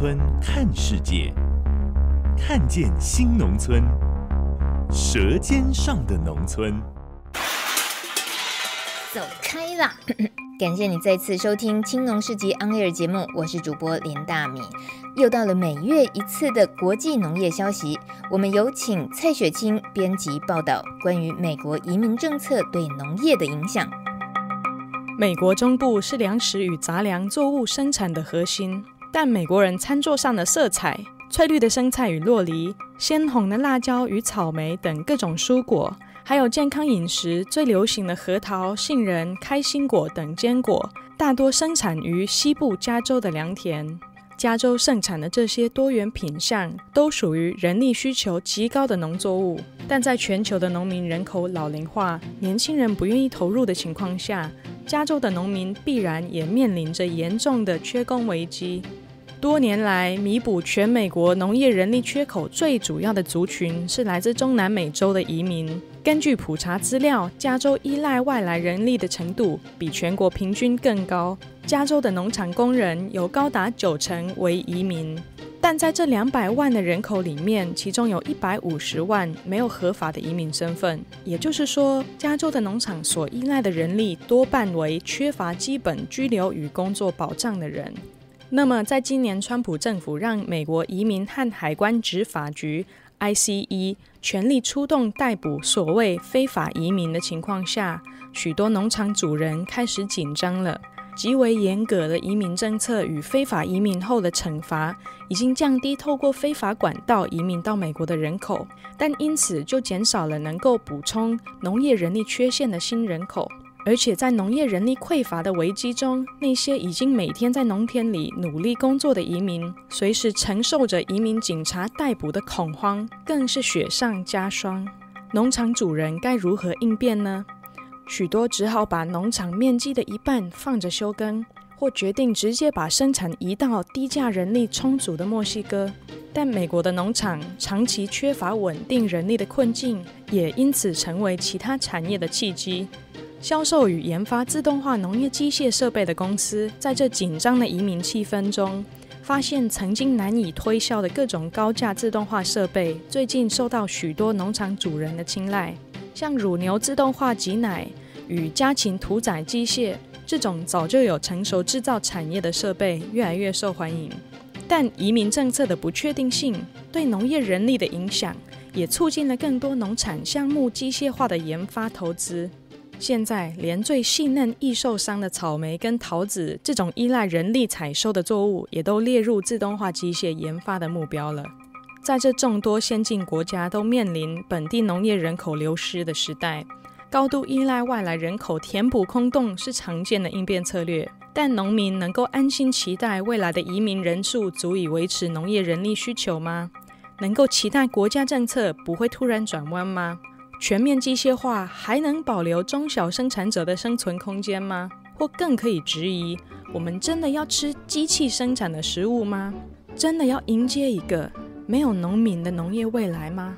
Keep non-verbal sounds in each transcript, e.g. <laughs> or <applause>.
村看世界，看見新農村，舌尖上的農村。走開啦！ <laughs> 感謝你再次收聽《青農市集》On Air 節目，我是主播林大米。又到了每月一次的國際農業消息，我們有請蔡雪清編輯報道關於美國移民政策對農業的影響。美國中部是糧食與雜糧作物生產的核心。但美國人餐桌上的色彩，翠綠的生菜與酪梨，鮮紅的辣椒與草莓等各種蔬果，還有健康飲食最流行的核桃、杏仁、開心果等堅果，大多生產於西部加州的良田。加州盛產的這些多元品項，都屬於人力需求極高的農作物，但在全球的農民人口老齡化、年輕人不願意投入的情況下，加州的農民必然也面臨着嚴重的缺工危機。多年來，彌補全美國農業人力缺口最主要的族群是來自中南美洲的移民。根據普查資料，加州依賴外來人力的程度比全國平均更高。加州的農場工人有高達九成為移民，但在這兩百萬的人口裡面，其中有一百五十萬沒有合法的移民身份。也就是說，加州的農場所依賴的人力多半為缺乏基本居留與工作保障的人。那麼，在今年，川普政府讓美國移民和海關執法局 （ICE） 全力出動逮捕所謂非法移民的情況下，許多農場主人開始緊張了。極為嚴格的移民政策與非法移民後的懲罰，已經降低透過非法管道移民到美國的人口，但因此就減少了能夠補充農業人力缺陷的新人口。而且在農業人力匱乏的危機中，那些已經每天在農田裡努力工作的移民，隨時承受着移民警察逮捕的恐慌，更是雪上加霜。農場主人該如何應變呢？許多只好把農場面積的一半放着休耕，或決定直接把生產移到低價人力充足的墨西哥。但美國的農場長期缺乏穩定人力的困境，也因此成為其他產業的契機。銷售與研發自動化農業機械設備的公司，在這緊張的移民氣氛中，發現曾經難以推銷的各種高價自動化設備，最近受到許多農場主人的青睞。像乳牛自動化擠奶與家禽屠宰機械這種早就有成熟制造產業的設備，越來越受歡迎。但移民政策的不確定性對農業人力的影響，也促進了更多農產項目機械化的研發投資。現在，連最細嫩易受傷的草莓跟桃子這種依賴人力採收的作物，也都列入自動化機械研發的目標了。在這眾多先進國家都面臨本地農業人口流失的時代，高度依賴外來人口填補空洞是常見的應變策略。但農民能夠安心期待未來的移民人數足以維持農業人力需求嗎？能夠期待國家政策不會突然轉彎嗎？全面機械化還能保留中小生產者的生存空間嗎？或更可以質疑：我們真的要吃機器生產的食物嗎？真的要迎接一個沒有農民的農業未來嗎？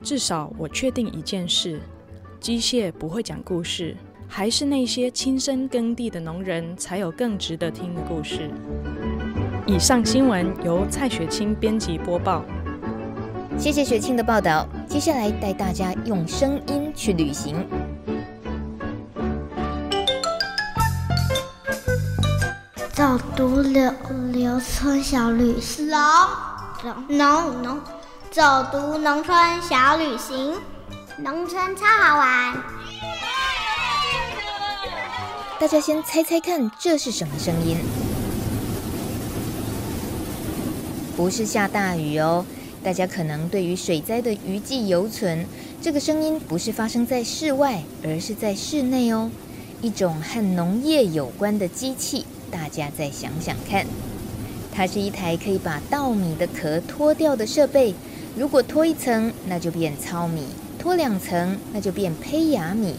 至少我確定一件事：機械不會講故事，還是那些親身耕地的農人才有更值得聽的故事。以上新聞由蔡雪清編輯播報。謝謝雪清的報道。接下來帶大家用聲音去旅行。走讀，農農村小旅行。農農走走讀、no, no, 農村小旅行，農村超好玩。Yeah, <laughs> 大家先猜猜看，這是什麼聲音？不是下大雨哦。大家可能對於水災的餘悸猶存，這個聲音不是發生在室外，而是在室內哦。一種和農業有關的機器，大家再想想看，它是一台可以把稻米的殼脫掉的設備。如果脫一層，那就變糙米；脫兩層，那就變胚芽米；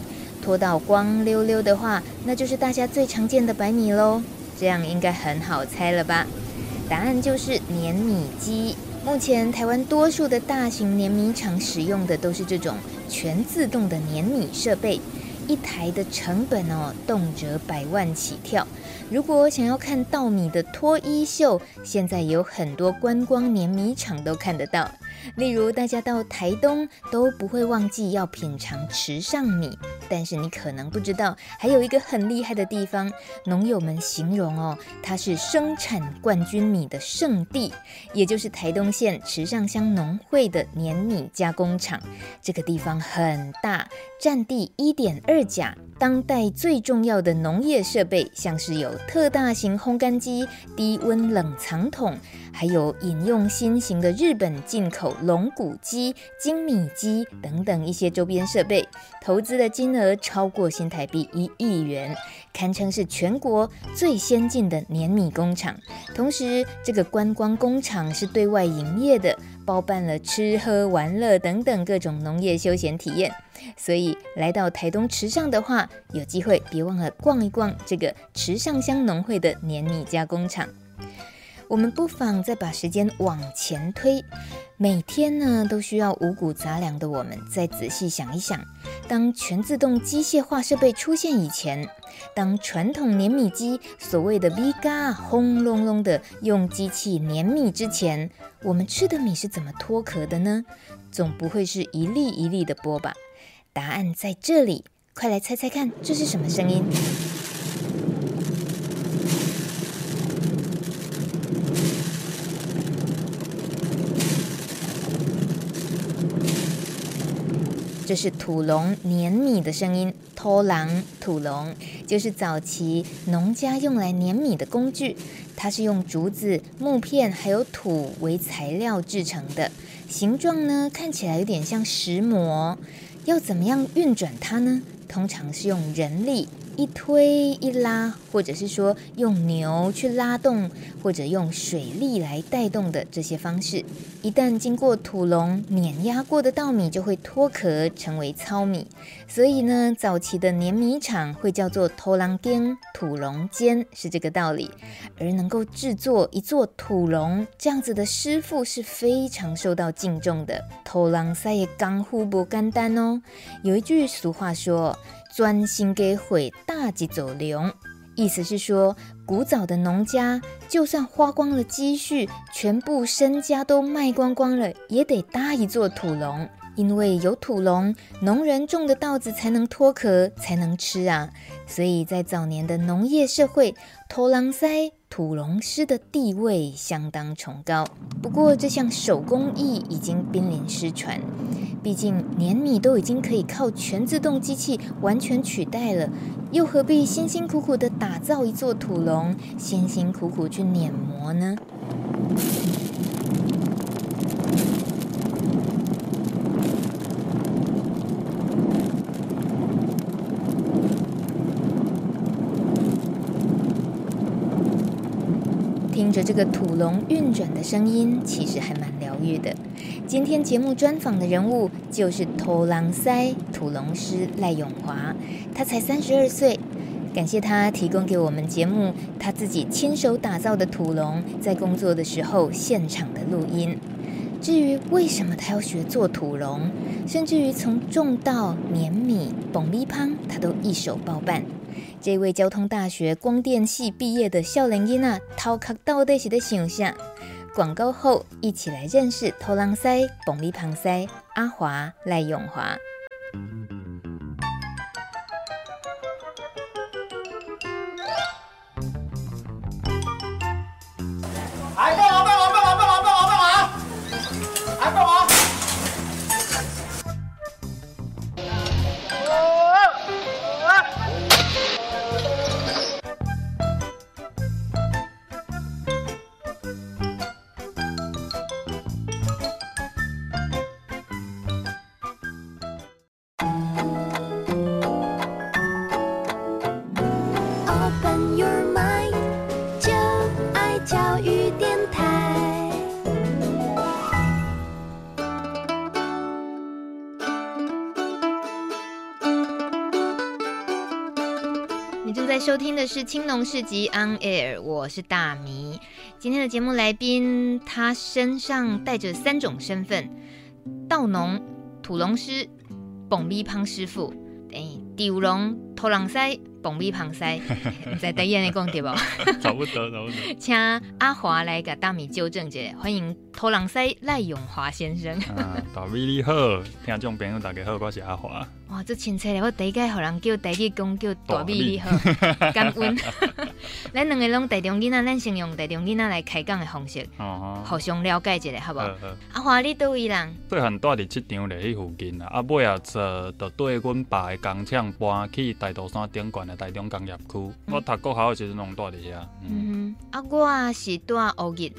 脫到光溜溜的話，那就是大家最常見的白米嘍。這樣應該很好猜了吧？答案就是碾米機。目前，台灣多數的大型碾米廠使用的都是這種全自動的碾米設備，一台的成本哦，動輒百萬起跳。如果想要看稻米的脫衣秀，現在有很多觀光碾米廠都看得到。例如大家到台東都不會忘記要品嘗池上米，但是你可能不知道，還有一個很厲害的地方，農友們形容哦，它是生產冠軍米的聖地，也就是台東縣池上鄉農會的碾米加工廠。這個地方很大，占地一點二甲，當代最重要的農業設備像是有。特大型烘乾機、低溫冷藏桶，還有引用新型的日本進口龍骨機、精米機等等一些周邊設備，投資的金額超過新台幣一億元。堪稱是全國最先進的碾米工廠，同時這個觀光工廠是對外營業的，包辦了吃喝玩樂等等各種農業休閒體驗。所以，來到台東池上的話，有機會別忘了逛一逛這個池上鄉農會的碾米加工廠。我們不妨再把時間往前推，每天呢都需要五穀雜糧的我們，再仔細想一想，當全自動機械化設備出現以前，當傳統碾米機所謂的“米絞”轟隆隆的用機器碾米之前，我們吃的米是怎麼脫殼的呢？總不會是一粒一粒的剝吧？答案在這裡，快來猜猜看，這是什麼聲音？這是土礱碾米的聲音，土礱。土礱就是早期農家用來碾米的工具，它是用竹子、木片還有土為材料制成的，形狀呢看起來有點像石磨，要怎麼樣運轉它呢？通常是用人力。一推一拉，或者是說用牛去拉動，或者用水力來帶動的這些方式，一旦經過土礱碾壓過的稻米就會脫殼成為糙米。所以呢，早期的碾米廠會叫做土礱間、土礱間是這個道理。而能夠制作一座土礱這樣子的師傅是非常受到敬重的。土礱賽也剛互不干單哦，有一句俗話說。專心給毀大吉走流，意思是說，古早的農家就算花光了積蓄，全部身家都賣光光了，也得搭一座土礱。因為有土礱，農人種的稻子才能脫殼，才能吃啊。所以在早年的農業社會，土礱師土礱師的地位相當崇高。不過這項手工藝已經瀕臨失傳，畢竟碾米都已經可以靠全自動機器完全取代了，又何必辛辛苦苦地打造一座土礱，辛辛苦苦去碾磨呢？這個土礱運轉的聲音其實還蠻療癒的。今天節目專訪的人物就是土礱師土礱師賴永華，他才三十二歲。感謝他提供給我們節目他自己親手打造的土礱，在工作的時候現場的錄音。至於為什麼他要學做土礱，甚至於從種稻碾米、爆米香，他都一手包辦。這位交通大學光電系畢業的少年英啊，頭殼，到底是在想啥？廣告後一起來認識土礱師、爆米香師阿華賴詠華。聽的是青農市集 On Air，我是大米。今天的節目來賓，他身上帶着三種身份：稻農、土礱師、爆米香師傅，等第五龍。土礱師，爆米香師，在第一個講 <laughs> 對不？找不得，找不得。請阿華來給大米糾正一下。歡迎土礱師賴詠華先生、啊。大米你好，聽眾朋友大家好，我是阿華。哇，這親切嘞！我第一個互人叫，第二個講叫大米你、啊、好、啊，感恩。咱 <laughs> 兩 <laughs> 個攏台中囡仔，咱先用台中囡仔來開講的方式，互、哦、相、哦、了解一下，好不好、呃呃？阿華，你佗位人？細漢住佇七張犁迄附近啊，阿尾啊，坐就對阮爸的工廠搬去大肚山頂懸的台中工業區，嗯，我讀高中的時候攏住佇遐。嗯，嗯啊，我是住烏日，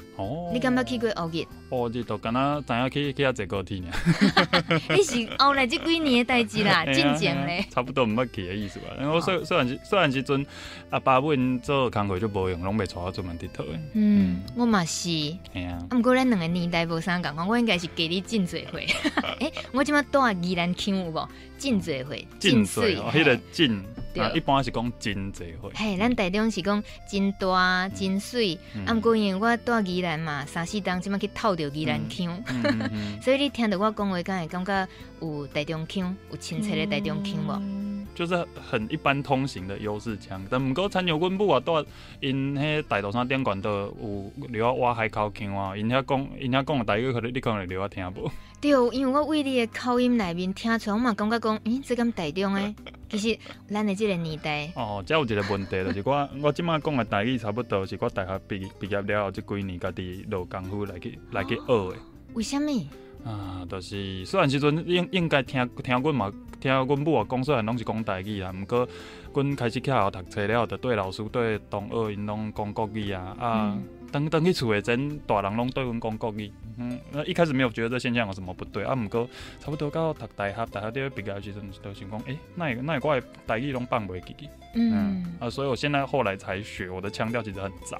你敢捌去過烏日？哦，啊啊啊啊、 <laughs> 這都敢若知影去去遐坐高鐵呢？你是後來這幾年的代志啦，進前嘞。差不多毋捌去的意思吧？哦、雖然後我細細漢時細漢時陣，阿爸，爸母因做工課就無閒，攏袂帶我出門佚佗的嗯。嗯，我嘛是。哎呀、啊，阿、啊、毋過咱兩個年代無相共，我應該是隔你真濟歲誒。我即麥帶宜蘭腔有無真濟歲，真歲哦，迄、那個盡、啊、一般是講真濟歲。嘿，咱台中是講真大、嗯、真水，毋、嗯、過、啊、因為我帶宜蘭嘛，三四冬即麥去透。就易難聽， <music> 嗯嗯嗯嗯、 <laughs> 所以你聽到我講話，敢會感覺有台中腔，有親切的台中腔無？嗯就是很一般通行的優勢，這但不過參友坤不啊，都因迄大島上電管都有留啊，外海口腔。哇，因遐講，因遐講的台語，可能你可能會留我聽不？對，因為我為你的口音裡面聽出來，我嘛感覺講，咦，這間台中誒，其實咱的這個年代。哦，即有一個問題，就是我我即馬講的台語差不多，是我大學畢畢業了後，即幾年家己落功夫來去、哦、來去學的，為什麼？啊，著、就是細漢時陣應應該聽聽阮嘛，聽阮母啊講細漢攏是講台語啊。毋過阮開始去學校讀冊了後，著對老師對同學因攏講國語啊。啊。嗯等等，去厝的陣，大人攏對阮講國語。嗯，那一開始沒有覺得這現象有什麼不對啊。唔過，差不多到讀大學、大學都畢業時陣，都是講，哎、欸，那也那也怪台語攏辦未起。嗯，啊，所以我現在後來才學，我的腔調其實很雜。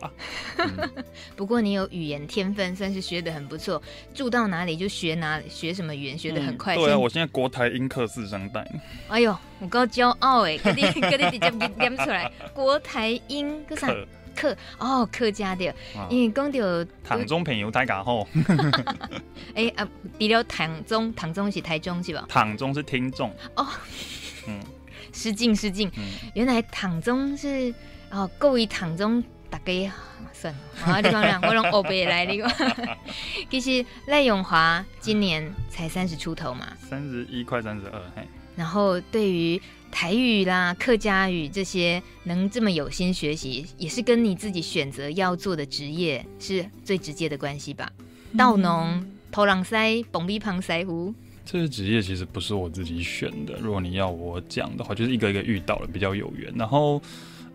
<laughs> 嗯、 <laughs> 不過你有語言天分，算是學得很不錯。住到哪裡就學哪裡，學什麼語言學得很快。嗯、對啊，我現在國台英克四聲帶。哎呦，我夠驕傲誒、欸！搿啲搿啲直接點出來， <laughs> 國台英個啥？客哦，客家，對，因為講到唐中朋友大家好。哎啊，除了唐中，唐中、 <laughs> 啊、唐宗唐宗是台中是吧？唐中是聽眾。哦，嗯，失敬失敬，原來唐中是哦夠以唐中大家算了。啊、你人我講，讓我用歐貝 <laughs> 來你，其實賴詠華今年才三十出頭嘛，三十一快三十二。然後對於台語啦、客家語這些，能這麼有心學習，也是跟你自己選擇要做的職業是最直接的關係吧。稻、嗯、農、土礱師、爆米香師傅這些、個、職業其實不是我自己選的。如果你要我講的話，就是一個一個遇到了，比較有緣。然後，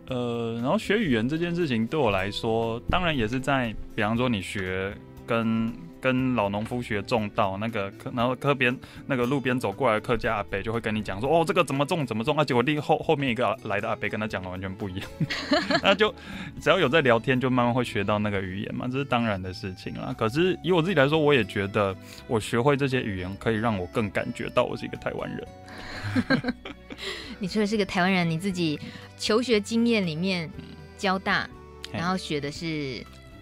呃，然後學語言這件事情對我來說，當然也是在，比方說你學。跟跟老農夫學種稻，那個客，然後客邊那個路邊走過來的客家阿伯就會跟你講說，哦，這個怎麼種，怎麼種。啊結果我另後後面一個來的阿伯跟他講的完全不一樣， <laughs> 那就只要有在聊天，就慢慢會學到那個語言嘛，這是當然的事情啊。可是以我自己來說，我也覺得我學會這些語言，可以讓我更感覺到我是一個台灣人。 <laughs> 你說的是個台灣人，你自己求學經驗裡面，交、嗯、大，然後學的是。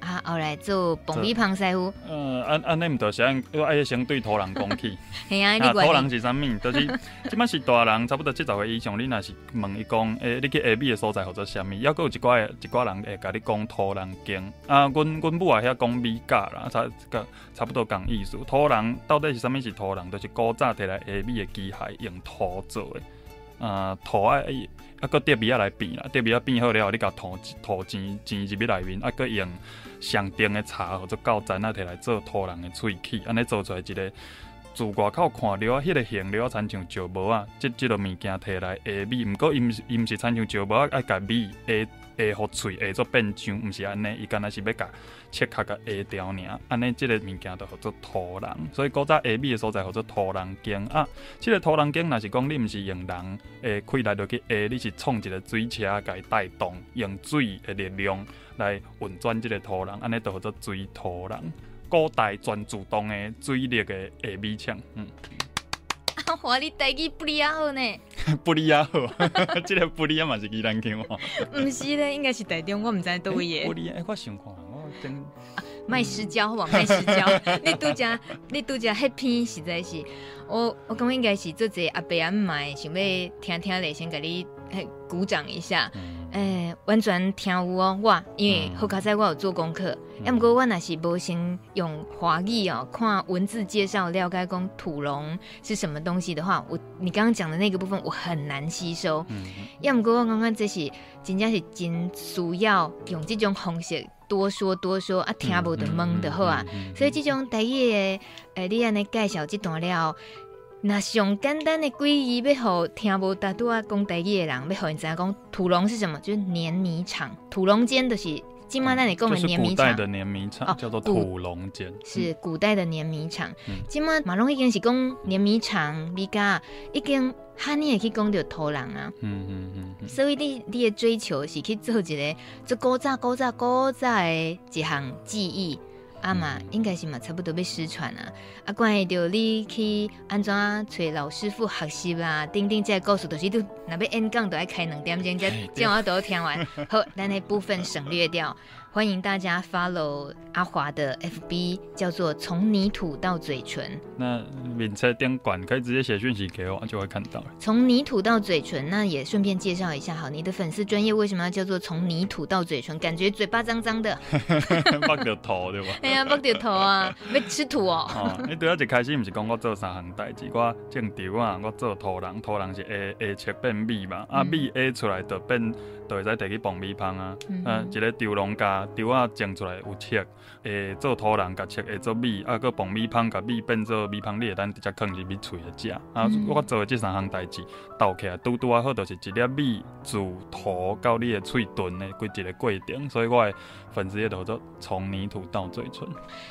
啊，後來、呃啊啊、就爆米香師傅。嗯，安安尼毋着是按愛先對土礱講起。系 <laughs> 啊，你 <laughs> 土礱是啥物？著、就是，即擺是大人， <laughs> 差不多七十歲以上，你若是問伊講，誒、欸，你去下邊的所在或者啥物，還佫有一寡一寡人會甲你講土礱經。啊，阮阮母也遐講米較啦，差個差不多講意思。土礱到底是啥物？是土礱，著、就是古早摕來下邊的機械用土做誒。嗯、呃，土啊，誒。啊，擱竹篾來變啦，啊，竹篾變好了後，你甲土土錢錢入去內面，啊，擱用上等的茶或者膠粘啊摕來做土礱的喙齒，安、啊、尼做出來一個，自外口看了，迄、那個形了，親像石磨啊，即即落物件摕來下米，毋過伊毋是親像石磨啊，啊，甲米下。會互喙會做變象，毋是安尼，伊敢若是要甲切殼甲下調爾，安尼即個物件就號做土礱。所以古早下米誒所在號做土礱井啊。即個土礱井，若是講你毋是用人誒，開來落去下，你是創一個水車甲伊帶動，用水誒力量來運轉即個土礱，安尼就號做水土礱。古代全自動誒水力誒下米槍，嗯。我、啊、你台機不離啊好呢，不離啊好， <laughs> <laughs> 這個，個 <laughs> <laughs> 不離啊嘛是伊難聽哦，唔是嘞，應該是台中，我唔知在多位。不離啊，我想看，我等。賣私膠好嘛，賣私膠！ <laughs> 你拄剛講才， <laughs> 你拄講迄篇， <laughs> Happy, 實在是，我我感覺應該是做這阿伯阿媽，想要聽聽咧，先給你鼓掌一下。嗯。誒，完全聽有哦，我因為好卡、嗯、在，我有做功課。哎，不過我若是無先用華語哦，看文字介紹了解講土礱是什麼東西的話，我你剛剛講的那個部分我很難吸收。嗯。哎，不過我感覺這是真正是真需要用這種方式多說多說啊聽不就就，聽無的蒙的好啊。所以這種第一個哎，你安尼介紹這段了。那上簡單的規矩，要互聽無大拄啊講第一的人，要互因知影講土礱是什麼，就是碾米廠。土礱間就是今媽帶你給我們碾米廠、嗯就是哦，叫做土礱間、嗯，是古代的碾米廠。今媽馬龍已經是講碾米廠，咪講、嗯、已經哈尼也去講着土礱啊。嗯嗯嗯，嗯。所以你你的追求是去做一個做古早古早古早的一項技藝。阿媽應該是嘛，嗯、是差不多要失傳啊。阿關於到你去安怎、啊、找老師傅學習等等，即個故事，都是你若要演講都要開兩點鐘，今我要都聽完， <laughs> 好，咱那部分省略掉。歡迎大家 follow 阿華的 FB，叫做從泥土到嘴唇。那面車點管可以直接寫訊息給我，就會看到了。從泥土到嘴唇，那也順便介紹一下哈。你的粉絲專業為什麼要叫做從泥土到嘴唇？感覺嘴巴髒髒的。剝 <laughs> 掉 <laughs> <laughs> 頭對吧？哎 <laughs> 呀、啊，剝掉頭啊， <laughs> 要吃土、喔、 <laughs> 哦。你對我一開始不是講我做三行代志，我種田啊，我做土礱，土礱是 A A 切變米嘛，嗯、啊米 A 出來就變，就會在地去爆米香啊，嗯啊，一個丟農家。 <music> 啊，稻啊種出來有切，誒，做土礱甲切，誒，做米，啊，擱把米芳甲米變做米芳，你會當直接放入去嘴來食。啊，我做的這三項代志，倒起來拄拄仔好，就是一粒米自土到你的嘴唇的規一個過程，所以我誒粉絲也叫做從泥土到嘴唇。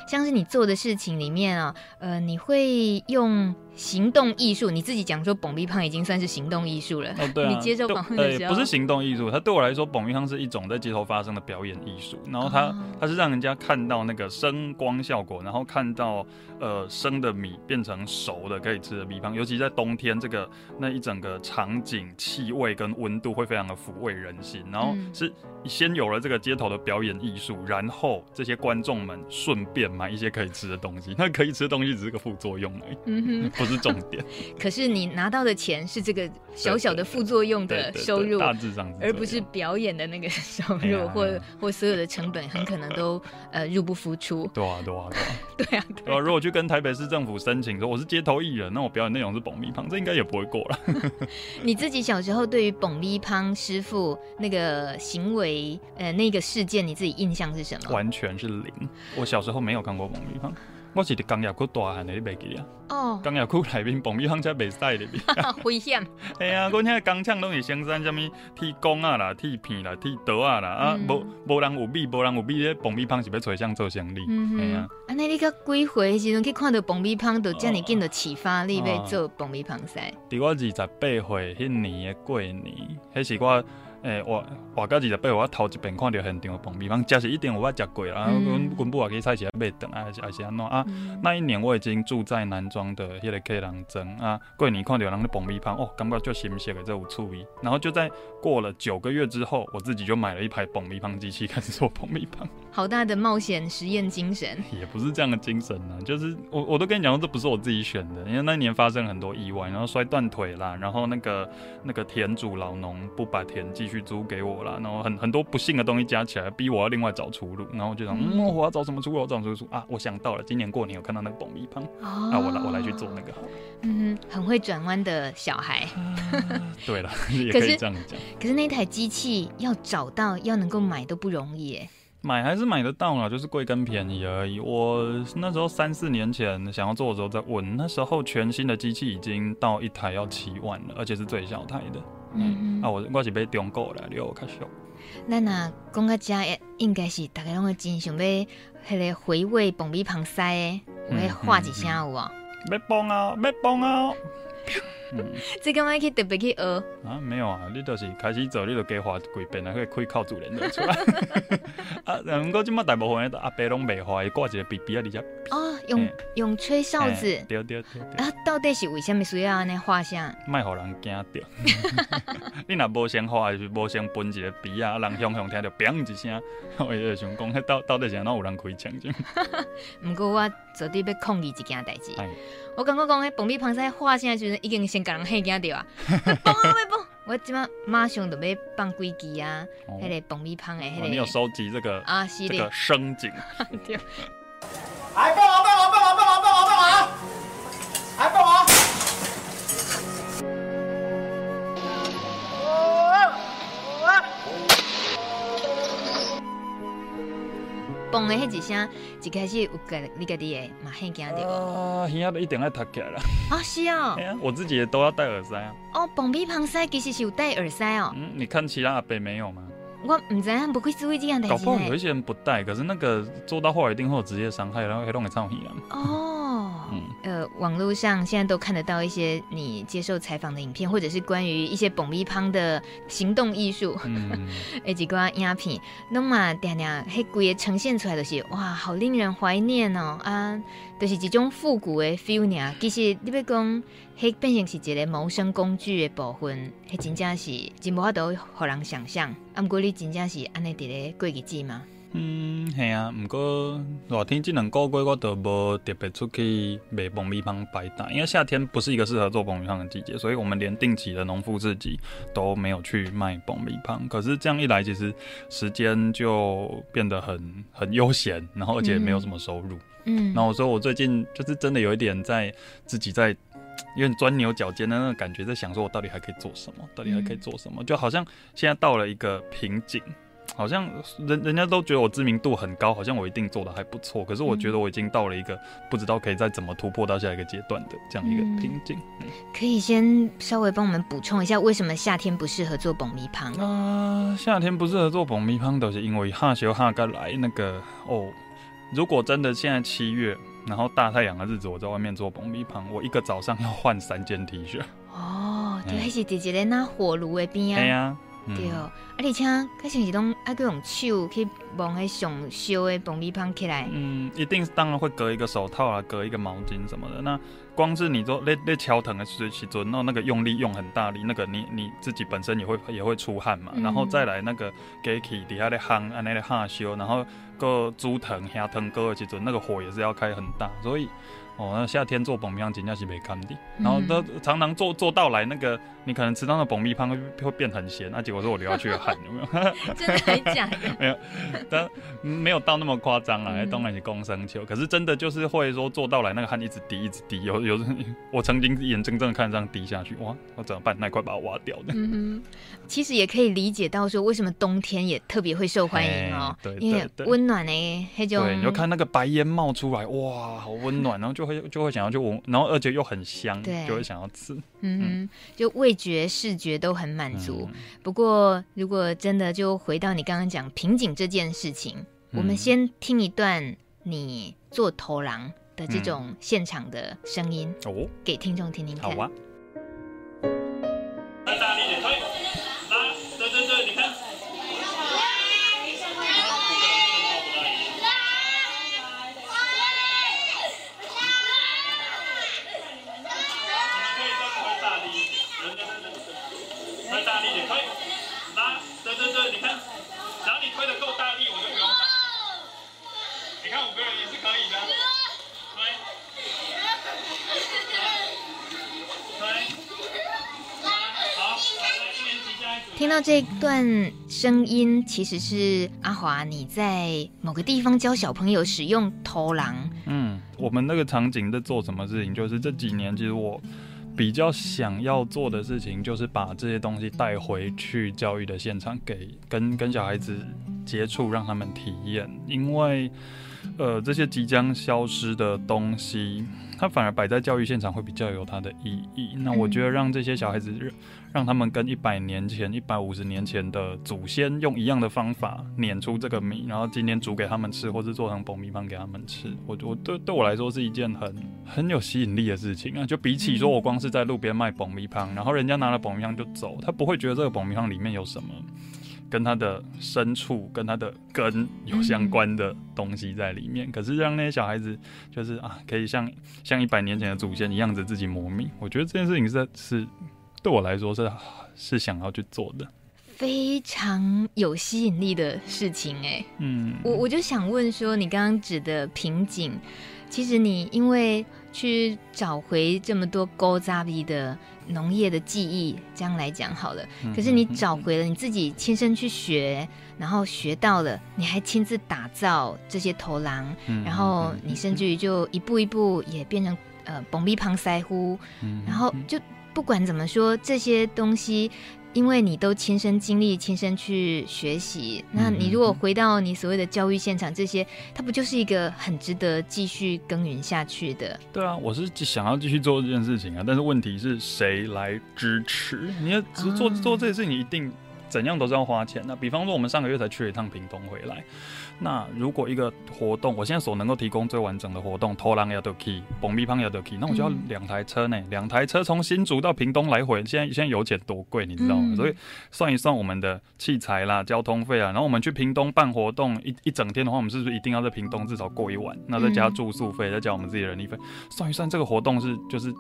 像是你做的事情裡面啊、哦，呃，你會用。行動藝術，你自己講說，爆米香已經算是行動藝術了、哦啊。你接受爆米香的時候，不是行動藝術，它對我來說，爆米香是一種在街頭發生的表演藝術。然後它、哦，它是讓人家看到那個聲光效果，然後看到。呃，生的米變成熟的可以吃的米飯，尤其在冬天，這個、那一整個場景、氣味跟溫度會非常的撫慰人心。然後是先有了這個街頭的表演藝術、嗯，然後這些觀眾們順便買一些可以吃的東西。那可以吃的東西只是個副作用而、欸、已、嗯，不是重點。 <laughs> 可是你拿到的錢是這個小小的副作用的收入，對對對對對對對大致上，而不是表演的那個收入，哎、或或所有的成本很可能都 <laughs> 呃，入不敷出。對啊，對啊，對啊，對啊，如 <laughs> 果、啊。 <laughs> 就跟台北市政府申請說我是街頭藝人，那我表演內容是蹦米芳，這應該也不會過了。 <laughs> 你自己小時候對於蹦米芳師傅那個行為，呃，那個事件，你自己印象是什麼？完全是零，我小時候沒有看過蹦米芳。我是佇工業區大漢誒，你袂記、oh. <laughs> 危險 <laughs> 啊？哦，工業區內面爆米香才袂使的，危險。哎呀，阮遐工廠攏是生產啥物鐵鋼啊啦、鐵片啦、鐵、mm、刀 -hmm. 啊啦，啊無無人有米，無人有米咧爆米香是要揣啥做生理？哎、mm、呀 -hmm. 啊，安尼你才幾歲，彼時陣去看到爆米香，都遮爾緊到啟發你、oh. 啊，要做爆米香噻。佇我二十八歲迄年誒過年，迄是我。誒、欸，我活到二十八，我頭一遍看到現場的爆米香，真是一定有我食過啦。啊、嗯，我們我們不也去菜市買等啊，還是還是安那啊。那一年我已經住在南莊的迄個客人莊啊，過年看到人的爆米香，哦，剛剛就心血的在五處一，然後就在過了九個月之後，我自己就買了一排爆米香機器，開始做爆米香。好大的冒險實驗精神。也不是這樣的精神吶、啊，就是我我都跟你講，這不是我自己選的，因為那一年發生很多意外，然後摔斷腿啦，然後那個那個田主老農不把田地。去租給我了，然後很很多不幸的東西加起來，逼我要另外找出路，然後我就想嗯，嗯，我要找什麼出路？找什麼出路啊？我想到了，今年過年有看到那個爆米香，那、哦啊、我來我來去做那個好，嗯哼，很會轉彎的小孩，嗯、 <laughs> 對了，也可以這樣講。可是那台機器要找到，要能夠買都不容易，買還是買得到啦，就是貴跟便宜而已。我那時候三四年前想要做的時候在問，那時候全新的機器已經到一台要七萬了，而且是最小台的。嗯,嗯啊，我我是要中古的，了較俗。那那講到這，應該是大家攏會真想要迄個回味爆米香塞的，捧鼻捧腮，我、嗯嗯嗯 <laughs> 嗯、要畫幾下我。要幫啊，要幫啊！這剛剛去特別去學。啊沒有啊，你就是開始做，你就加畫幾遍啊，個開靠主人做出來。 <laughs> <laughs> 啊，不過今麥大部分的阿伯攏未畫，掛一個鼻鼻啊，裡、哦、只。用用吹哨子，欸對對對對，啊，到底是為什麼需要安尼畫聲？賣互人驚掉。 <laughs> 你若無聲發，還是無聲噴一個鼻啊？人熊熊聽到砰一聲，我就會想講，那、欸、到到底是安怎有人開槍？哈哈不過我絕對要抗議一件代志，哎。我感覺講，那爆米香在畫聲時候，已經先給人嚇驚掉 <laughs> 要啊！嘣啊嘣！我即馬馬上就要放規矩啊，哦！那個爆米香的、那個，個、啊，沒有收集這個啊是的，這個聲景。 <laughs> 嘣、嗯、的那幾聲，一開始有隔那個的也，蠻很驚的。啊、呃，音樂都一點愛脫開了。啊、哦，是、哦、 <laughs> 啊，我自己也都要戴耳塞啊。哦，旁邊旁塞其實是有戴耳塞哦。嗯，你看其他阿伯沒有嗎？我唔知道，會不可以只會這樣，但是。搞不好有一些人不戴，可是那個做到後來一定會有職業傷害，然後還容易噪音了。哦。嗯、呃，網絡上現在都看得到一些你接受採訪的影片，或者是關於一些“爆米香”的行動藝術，誒、嗯嗯嗯，幾款影片，常常那麼點點幾個呈現出來，就是哇，好令人懷念哦，啊，就是一種復古的 feel 呢。其實你要講黑變成是一個謀生工具的部分，黑真正是真無法度予人想象。毋過，你真正是安尼佇咧過日子嗎？嗯，係啊，不過熱天這兩個月我就無特別出去賣爆米香擺檔，因為夏天不是一個適合做爆米香的季節，所以我們連定期的農夫市集都沒有去賣爆米香。可是這樣一來，其實時間就變得很很悠閒，然後而且沒有什麼收入。嗯，然後我說我最近就是真的有一點在自己在，有點鑽牛角尖的那個感覺在想，說我到底還可以做什麼？到底還可以做什麼？嗯、就好像現在到了一個瓶頸。好像人人家都覺得我知名度很高，好像我一定做得還不錯。可是我覺得我已經到了一個、嗯、不知道可以再怎麼突破到下一個階段的這樣一個瓶頸、嗯嗯。可以先稍微幫我們補充一下，為什麼夏天不適合做爆米香？啊、呃，夏天不適合做爆米香，都是因為哈修哈哥來那個哦。如果真的現在七月，然後大太陽的日子，我在外面做爆米香，我一個早上要換三件 T 恤。哦，嗯、對，還是姐姐在那火爐的邊、欸、啊。對啊。對，而且開始是講愛佮用手去望迄上燒的，蓬咪蓬起來。嗯，一定當然會隔一個手套啊，隔一個毛巾什麼的。那光是你說勒勒敲疼的時時陣，那那個用力用很大力，那個你你自己本身也會也會出汗嘛、嗯。然後再來那個蓋起底下勒烘，按呢勒烘燒，然後過煮疼，嚇疼粿的時陣，那個火也是要開很大，所以。哦，那夏天做澎碧洋鹼那是沒看的，然後都常常做做到來那個，你可能吃到的膨米芳會變很鹹，那、啊、結果說我流下去的汗有沒有， <laughs> 真的還假的？ <laughs> 沒有，但沒有到那麼誇張啊。當然是生秋，可是真的就是會說做到來那個汗一直滴一直滴，有有人我曾經眼睜睜的看這樣滴下去，哇，我怎麼辦？那塊把我挖掉、嗯、其實也可以理解到說為什麼冬天也特別會受歡迎哦、喔欸對對對對，因為溫暖呢，黑種。對，你看那個白煙冒出來，哇，好溫暖，然後就。會就會想要就聞，然後而且又很香，對，就會想要吃，嗯，就味覺視覺都很滿足。嗯，不過如果真的就回到你剛剛講瓶頸這件事情、嗯，我們先聽一段你做土礱的這種現場的聲音，哦、嗯，給聽眾聽聽看。哦但聲音其實是阿華，你在某個地方教小朋友使用土礱。嗯，我們那個場景在做什麼事情？就是這幾年，其實我比較想要做的事情，就是把這些東西帶回去教育的現場給，給跟跟小孩子接觸，讓他們體驗。因為呃，這些即將消失的東西。它反而擺在教育現場會比較有它的意義。那我覺得讓這些小孩子，讓他們跟一百年前、一百五十年前的祖先用一樣的方法碾出這個米，然後今天煮給他們吃，或是做成爆米香給他們吃，我我對對我來說是一件很很有吸引力的事情啊！就比起說我光是在路邊賣爆米香，然後人家拿了爆米香就走，他不會覺得這個爆米香裡面有什麼。跟他的深處、跟他的根有相關的東西在裡面。嗯、可是讓那些小孩子，就是啊，可以像像一百年前的祖先一樣子自己磨米。我覺得這件事情是是對我來說是是想要去做的，非常有吸引力的事情哎、欸。嗯，我我就想問說，你剛剛指的瓶頸，其實你因為。去找回這麼多高扎比的農業的記憶，這樣來講好了。可是，你找回了，你自己親身去學，然後學到了，你還親自打造這些土礱、嗯，然後你甚至於就一步一步也變成呃、嘣、嗯、米芳師傅。然後就不管怎麼說這些東西。因為你都親身經歷、親身去學習，那你如果回到你所謂的教育現場，這些、嗯、它不就是一個很值得繼續耕耘下去的？對啊，我是想要繼續做這件事情啊，但是問題是誰來支持？你要做、嗯、做這些事情，你一定。怎樣都是要花錢的。那比方說，我們上個月才去了一趟屏東回來。那如果一個活動，我現在所能夠提供最完整的活動，土礱要得 key，爆米香要得 key，那我就要兩台車呢。兩、嗯、台車從新竹到屏東來回，現在現在油錢多貴，你知道嗎、嗯？所以算一算我們的器材啦、交通費啊，然後我們去屏東辦活動一一整天的話，我們是不是一定要在屏東至少過一晚？那再加住宿費，再加我們自己的人力費，算一算這個活動是就是。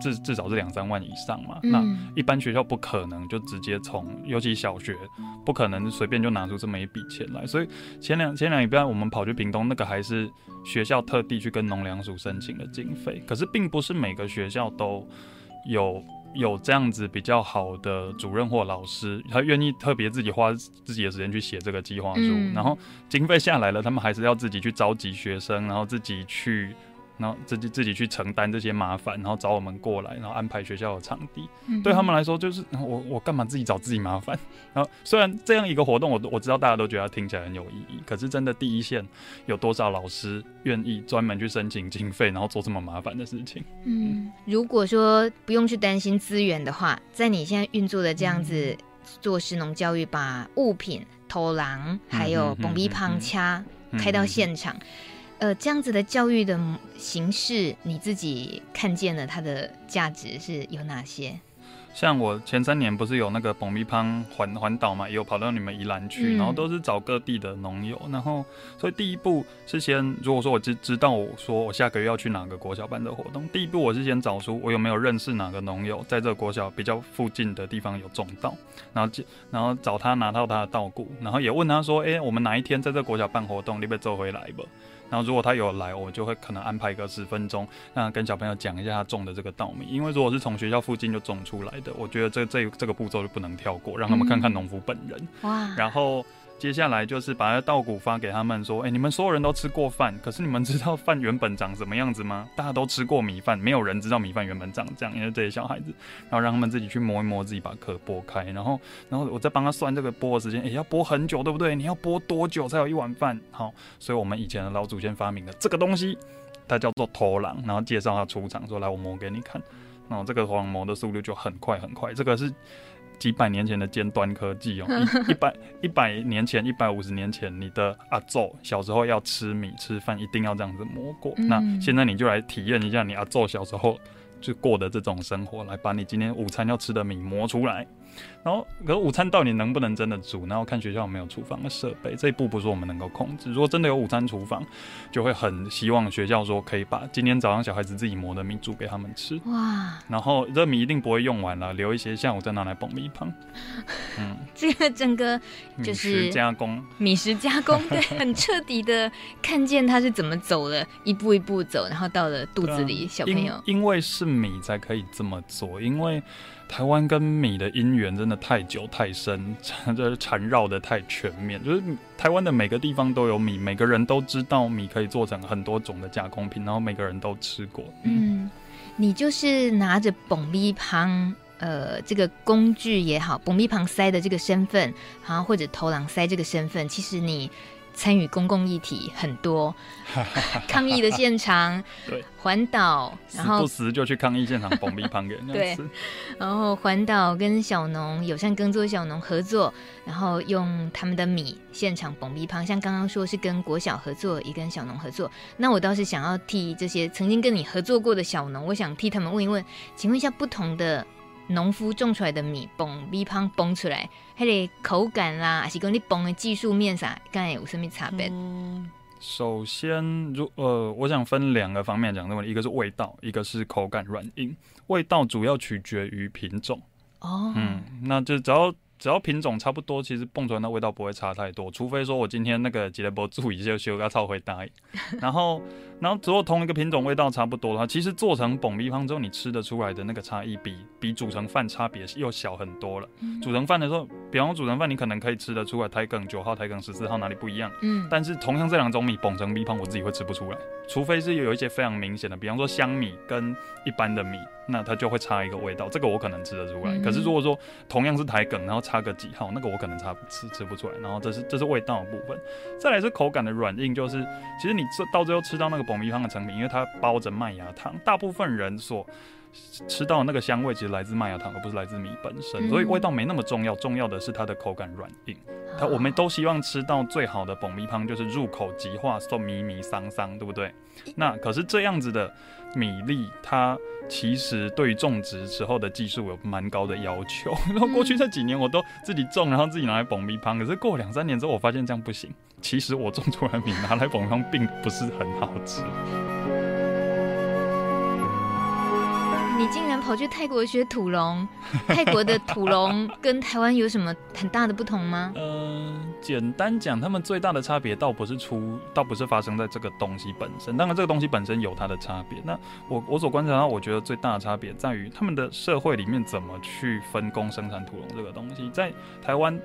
至至少是兩三萬以上嘛、嗯，那一般學校不可能就直接從，尤其小學不可能隨便就拿出這麼一筆錢來，所以前兩前兩禮拜我們跑去屏東，那個還是學校特地去跟農糧署申請的經費，可是並不是每個學校都有有這樣子比較好的主任或老師，他願意特別自己花自己的時間去寫這個計劃書、嗯，然後經費下來了，他們還是要自己去召集學生，然後自己去。然後自己自己去承擔這些麻煩，然後找我們過來，然後安排學校的場地。嗯、對他們來說，就是我我幹嘛自己找自己麻煩？然後雖然這樣一個活動我，我我知道大家都覺得聽起來很有意義，可是真的第一線有多少老師願意專門去申請經費，然後做這麼麻煩的事情？嗯，如果說不用去擔心資源的話，在你現在運作的這樣子、嗯、做食農教育，把物品、土礱還有蹦迪胖卡開到現場。嗯呃，這樣子的教育的形式，你自己看見了它的價值是有哪些？像我前三年不是有那個爆米香環環島嘛，也有跑到你們宜蘭去，然後都是找各地的農友、嗯，然後所以第一步是先，如果說我知知道我，說我下個月要去哪個國小辦這個活動，第一步我是先找出我有沒有認識哪個農友在這個國小比較附近的地方有種稻，然後然後找他拿到他的稻穀，然後也問他說，哎、欸，我們哪一天在這個國小辦活動，你被做回來不？然後，如果他有來，我就會可能安排一個十分鐘，讓他跟小朋友講一下他種的這個稻米。因為如果是從學校附近就種出來的，我覺得這這這個步驟就不能跳過，讓他們看看農夫本人。嗯、哇！然後。接下來就是把那稻穀發給他們，說：“誒、欸，你們所有人都吃過飯，可是你們知道飯原本長什麼樣子嗎？大家都吃過米飯，沒有人知道米飯原本長這樣。因為這些小孩子，然後讓他們自己去摸一摸，自己把殼剝開，然後，然後我再幫他算這個剝的時間，哎、欸，要剝很久，對不對？你要剝多久才有一碗飯？好，所以我們以前的老祖先發明的這個東西，它叫做土礱。然後介紹他出場，說：來，我磨給你看。然後這個土礱磨的速度就很快很快，這個是。”幾百年前的尖端科技哦、喔，一一百一百年前，一百五十年前，你的阿祖小時候要吃米吃飯，一定要這樣子磨過。嗯、那現在你就來體驗一下，你阿祖小時候就過的這種生活，來把你今天午餐要吃的米磨出來。然後，可是午餐到底能不能真的煮？然後看學校有沒有廚房的設備。這一步不是我們能夠控制。如果真的有午餐廚房，就會很希望學校說可以把今天早上小孩子自己磨的米煮給他們吃。哇！然後這米一定不會用完了，留一些下午再拿來爆米香。嗯，這個整個就是米食加工，米食加工對，很徹底的看見它是怎麼走的， <laughs> 一步一步走，然後到了肚子裡。啊、小朋友因，因為是米才可以這麼做，因為。台灣跟米的因緣真的太久太深，纏繞的太全面，就是台灣的每個地方都有米，每個人都知道米可以做成很多種的加工品，然後每個人都吃過。嗯，嗯，你就是拿着爆米香。呃，這個工具也好，爆米 <noise> 香師的這個身份，然、啊、後或者土礱師這個身份，其實你參與公共議題很多， <laughs> 抗議的現場， <laughs> 環島對，環島，然後時不時就去抗議現場爆米香師， <laughs> 對，然後環島跟小農友善耕作小農合作，然後用他們的米現場爆米香，像剛剛說是跟國小合作，也跟小農合作，那我倒是想要替這些曾經跟你合作過的小農，我想替他們問一問，請問一下不同的。農夫種出來的米，爆米香爆出來，它、那、的、個、口感啦、啊，還是跟你爆的技術面上，剛才有什米差別、嗯？首先，如呃，我想分兩個方面講的問題，一個是味道，一個是口感軟硬。味道主要取決於品種。哦，嗯，那就只要只要品種差不多，其實爆出來那味道不會差太多，除非說我今天那個幾粒波注意就修要超回答。 <laughs> 然後。然後之後同一個品種味道差不多的話，其實做成爆米香之後，你吃得出來的那個差異比比煮成飯差別又小很多了，嗯。煮成飯的時候，比方說煮成飯，你可能可以吃得出來台梗九號、台梗十四號哪裡不一樣。嗯，但是同樣這兩種米爆成米香，我自己會吃不出來。除非是有一些非常明顯的，比方說香米跟一般的米，那它就會差一個味道，這個我可能吃得出來。嗯，可是如果說同樣是台梗，然後差個幾號，那個我可能差吃吃不出來。然後這是這是味道的部分，再來是口感的軟硬，就是其實你吃到最後吃到那個。爆米香的成品，因為它包着麥芽糖，大部分人所吃到的那個香味，其實來自麥芽糖，而不是來自米本身，所以味道沒那麼重要。重要的是它的口感軟硬。它我們都希望吃到最好的爆米香，就是入口即化，說米米桑桑，對不對？那可是這樣子的米粒，它其實對種植時候的技術有蠻高的要求。然 <laughs> 後過去這幾年，我都自己種，然後自己拿來爆米香。可是過兩三年之後，我發現這樣不行。其實我種出來的米拿來膨香並不是很好吃。你竟然跑去泰國學土礱？ <laughs> 泰國的土礱跟台灣有什麼很大的不同嗎？嗯、呃，簡單講，他們最大的差別倒不是出，倒不是發生在這個東西本身。當然，這個東西本身有它的差別。那我我所觀察到，我覺得最大的差別在於他們的社會裡面怎麼去分工生產土礱這個東西，在台灣。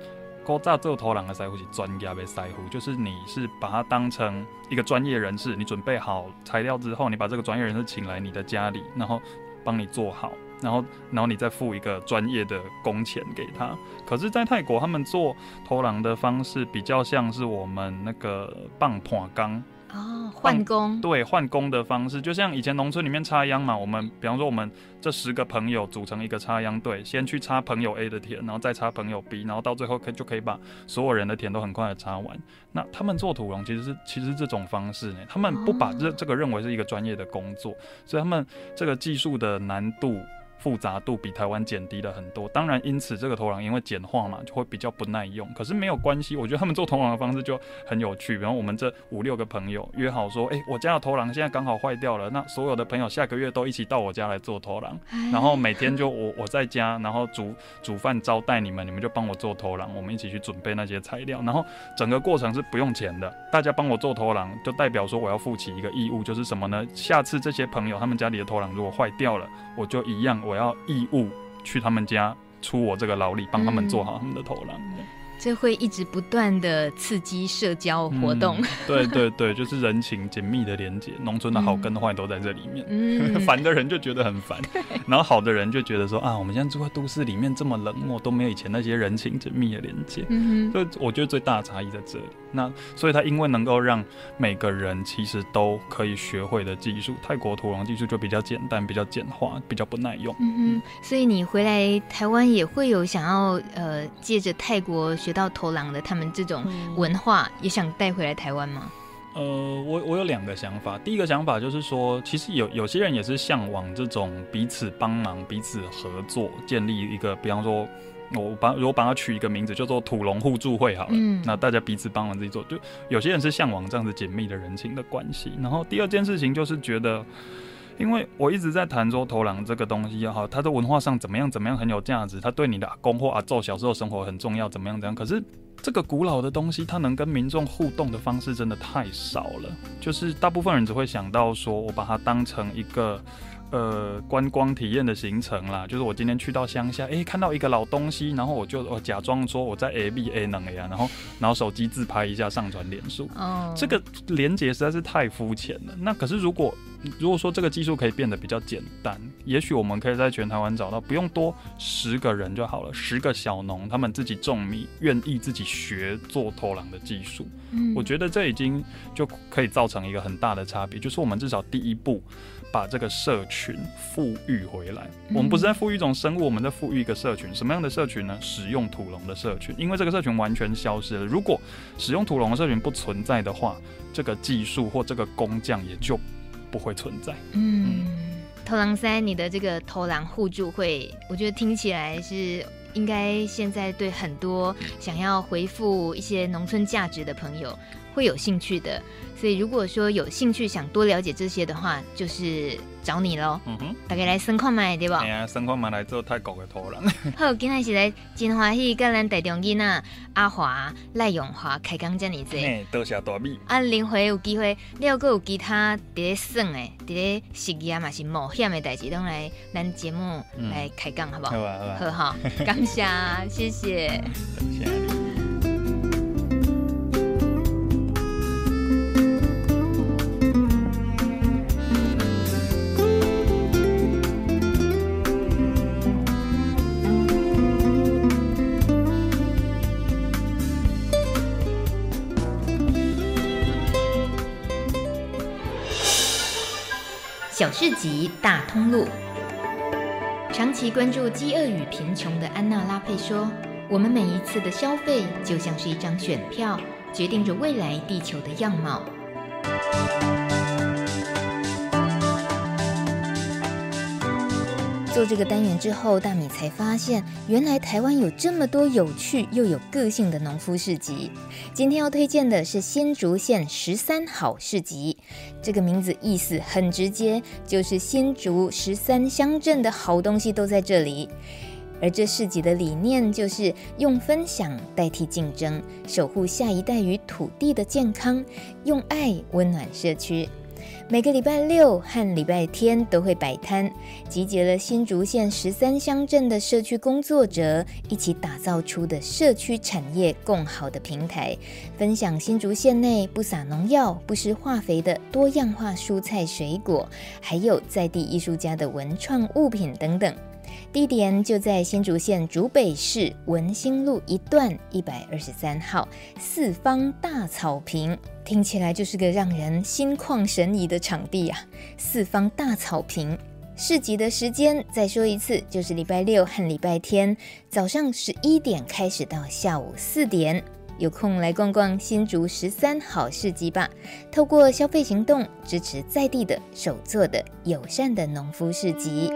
古早做土礱的師傅是專業的師傅，就是你是把他當成一個專業人士，你準備好材料之後，你把這個專業人士請來你的家裡，然後幫你做好，然後然後你再付一個專業的工錢給他。可是，在泰國，他們做土礱的方式比較像是我們那個棒棒鋼。哦，換工，對，換工的方式，就像以前農村裡面插秧嘛，我們比方說我們這十個朋友組成一個插秧隊，先去插朋友 A 的田，然後再插朋友 B，然後到最後可就可以把所有人的田都很快的插完。那他們做土礱其實是其實是這種方式呢，他們不把這這個認為是一個專業的工作，所以他們這個技術的難度。複雜度比台灣減低了很多，當然因此這個土礱因為簡化嘛，就會比較不耐用。可是沒有關係，我覺得他們做土礱的方式就很有趣。然後我們這五六個朋友約好說，誒、欸，我家的土礱現在剛好壞掉了，那所有的朋友下個月都一起到我家來做土礱，然後每天就我我在家，然後煮煮飯招待你們，你們就幫我做土礱。我們一起去準備那些材料，然後整個過程是不用錢的。大家幫我做土礱，就代表說我要負起一個義務，就是什麼呢？下次這些朋友他們家裡的土礱如果壞掉了，我就一樣我。我要義務去他們家，出我這個勞力，幫他們做好他們的土礱。嗯對所以會一直不斷的刺激社交活動、嗯，對對對， <laughs> 就是人情緊密的連接。農村的好跟壞都在這裡面，煩、嗯、 <laughs> 的人就覺得很煩、嗯，然後好的人就覺得說啊，我們現在住在都市裡面這麼冷漠，我都沒有以前那些人情緊密的連接、嗯，所以我覺得最大差異在這裡。那所以他因為能夠讓每個人其實都可以學會的技術，泰國土礱技術就比較簡單、比較簡化、比較不耐用。嗯，嗯，所以你回來台灣也會有想要呃，借着泰國學。到頭狼的他們這種文化也想帶回來台灣嗎？嗯、呃，我我有兩個想法。第一個想法就是說，其實有有些人也是嚮往這種彼此幫忙、彼此合作，建立一個，比方說，我把如果把它取一個名字叫做“土礱互助會”好了。嗯，那大家彼此幫忙、自己做，就有些人是嚮往這樣子緊密的人情的關係。然後第二件事情就是覺得。因為我一直在談說土礱這個東西也、啊、好，它的文化上怎麼樣怎麼樣很有價值，它對你的阿公或阿祖小時候生活很重要，怎麼樣怎麼樣。可是這個古老的東西，它能跟民眾互動的方式真的太少了。就是大部分人只會想到說，我把它當成一個呃觀光體驗的行程啦，就是我今天去到鄉下，哎，看到一個老東西，然後我就我假裝說我在 A B A 能 A 啊，然後然後手機自拍一下，上傳臉書。哦、oh.，這個連接實在是太膚淺了。那可是如果如果說這個技術可以變得比較簡單，也許我們可以在全台灣找到不用多十個人就好了，十個小農，他們自己種米，願意自己學做土礱的技術。嗯。我覺得這已經就可以造成一個很大的差別，就是我們至少第一步把這個社群復育回來。嗯。我們不是在復育一種生物，我們在復育一個社群。什麼樣的社群呢？使用土礱的社群，因為這個社群完全消失了。如果使用土礱的社群不存在的話，這個技術或這個工匠也就。不會存在。嗯，土礱師，你的這個土礱互助會，我覺得聽起來是應該現在對很多想要恢復一些農村價值的朋友。嗯嗯會有興趣的，所以如果說有興趣想多了解這些的話，就是找你嘍。嗯哼，大家來生礦嘛，對吧？哎、欸、呀，嘛，礦來做泰國的土礱。 <laughs> 好，今天是來真歡喜，跟咱台中囡啊，阿華、賴詠華開講這你最、欸。多謝大米。啊，零回有機會，你後果有其他在的算誒，在的實驗嘛是冒險的代志，都來咱節目來開講、嗯、好不好？好、啊，好、啊，好,好， <laughs> 感謝，謝謝。小市集大通路。長期關注飢餓與貧窮的安娜拉佩說：“我們每一次的消費就像是一張選票，決定着未來地球的樣貌。”做這個單元之後，大米才發現，原來台灣有這麼多有趣又有個性的農夫市集。今天要推薦的是新竹縣十三好市集，這個名字意思很直接，就是新竹十三鄉鎮的好東西都在這裡。而這市集的理念就是用分享代替競爭，守護下一代與土地的健康，用愛溫暖社區。每個禮拜六和禮拜天都會擺攤，集結了新竹縣十三鄉鎮的社區工作者一起打造出的社區產業共好的平台，分享新竹縣內不撒農藥、不施化肥的多樣化蔬菜水果，還有在地藝術家的文創物品等等。地點就在新竹縣竹北市文興路一段一百二十三號四方大草坪，聽起來就是個讓人心曠神怡的場地啊！四方大草坪市集的時間，再說一次，就是禮拜六和禮拜天早上十一點開始到下午四點，有空來逛逛新竹十三好市集吧！透過消費行動支持在地的手作的友善的農夫市集。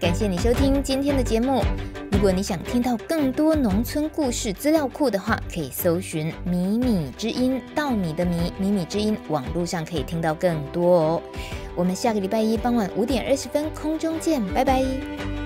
感謝你收聽今天的節目。如果你想聽到更多農村故事資料庫的話，可以搜尋“米米之音”，稻米的“米”，“米米之音”，網絡上可以聽到更多哦。我們下個禮拜一傍晚五點二十分空中見，拜拜。